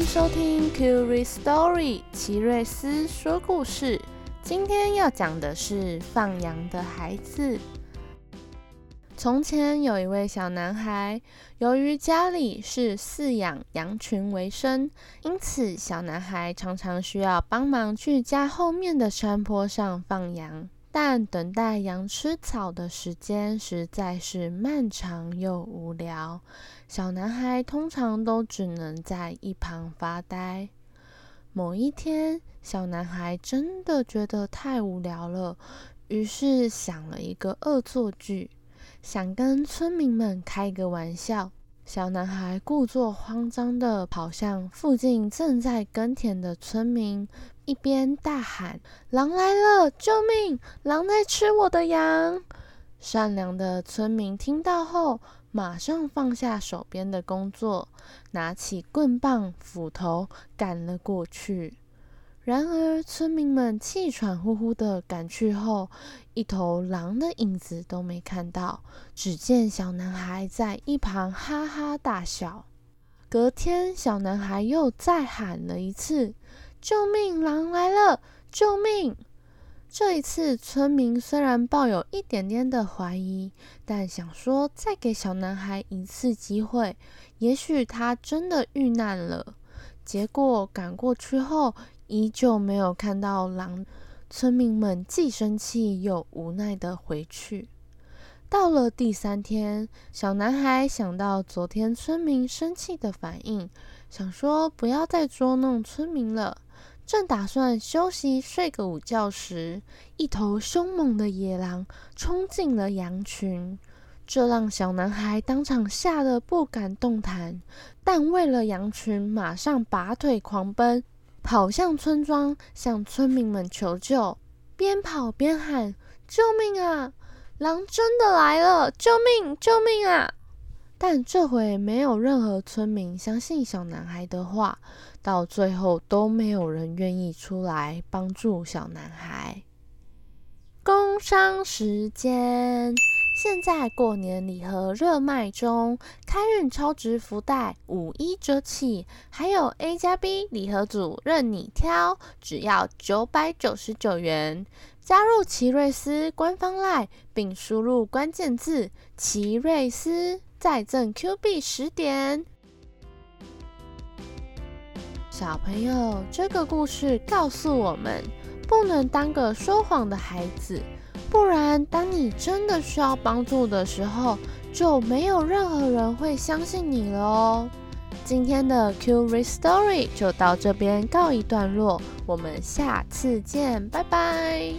歡迎收聽《Curious Story》奇瑞斯說故事。今天要講的是放羊的孩子。從前有一位小男孩，由於家裡是飼養羊群為生，因此小男孩常常需要幫忙去家後面的山坡上放羊。但等待羊吃草的時間實在是漫長又無聊，小男孩通常都只能在一旁發呆。某一天，小男孩真的覺得太無聊了，於是想了一個惡作劇，想跟村民們開個玩笑。小男孩故作慌張地跑向附近正在耕田的村民。一邊大喊：“狼來了！救命！狼在吃我的羊！”善良的村民聽到後，馬上放下手邊的工作，拿起棍棒、斧頭趕了過去。然而，村民們氣喘吁吁地趕去後，一頭狼的影子都沒看到，只見小男孩在一旁哈哈大笑。隔天，小男孩又再喊了一次。救命！狼來了！救命！這一次，村民雖然抱有一點點的懷疑，但想說再給小男孩一次機會，也許他真的遇難了。結果趕過去後，依舊沒有看到狼，村民們既生氣又無奈地回去。到了第三天，小男孩想到昨天村民生氣的反應，想說不要再捉弄村民了。正打算休息睡個午覺時，一頭兇猛的野狼衝進了羊群，這讓小男孩當場嚇得不敢動彈。但為了羊群，馬上拔腿狂奔，跑向村莊，向村民們求救，邊跑邊喊：“救命啊！”狼真的來了！救命！救命啊！但這回沒有任何村民相信小男孩的話，到最後都沒有人願意出來幫助小男孩。工商時間，現在過年禮盒熱賣中，開運超值福袋五一折起，還有 A 加 B 禮盒組任你挑，只要九百九十九元。加入奇瑞斯官方 Line 並輸入關鍵字“奇瑞斯再贈 Q 幣十點”。小朋友，這個故事告訴我們，不能當個說謊的孩子，不然當你真的需要幫助的時候，就沒有任何人會相信你了哦。今天的 Q 瑞 Story 就到這邊告一段落，我們下次見，拜拜。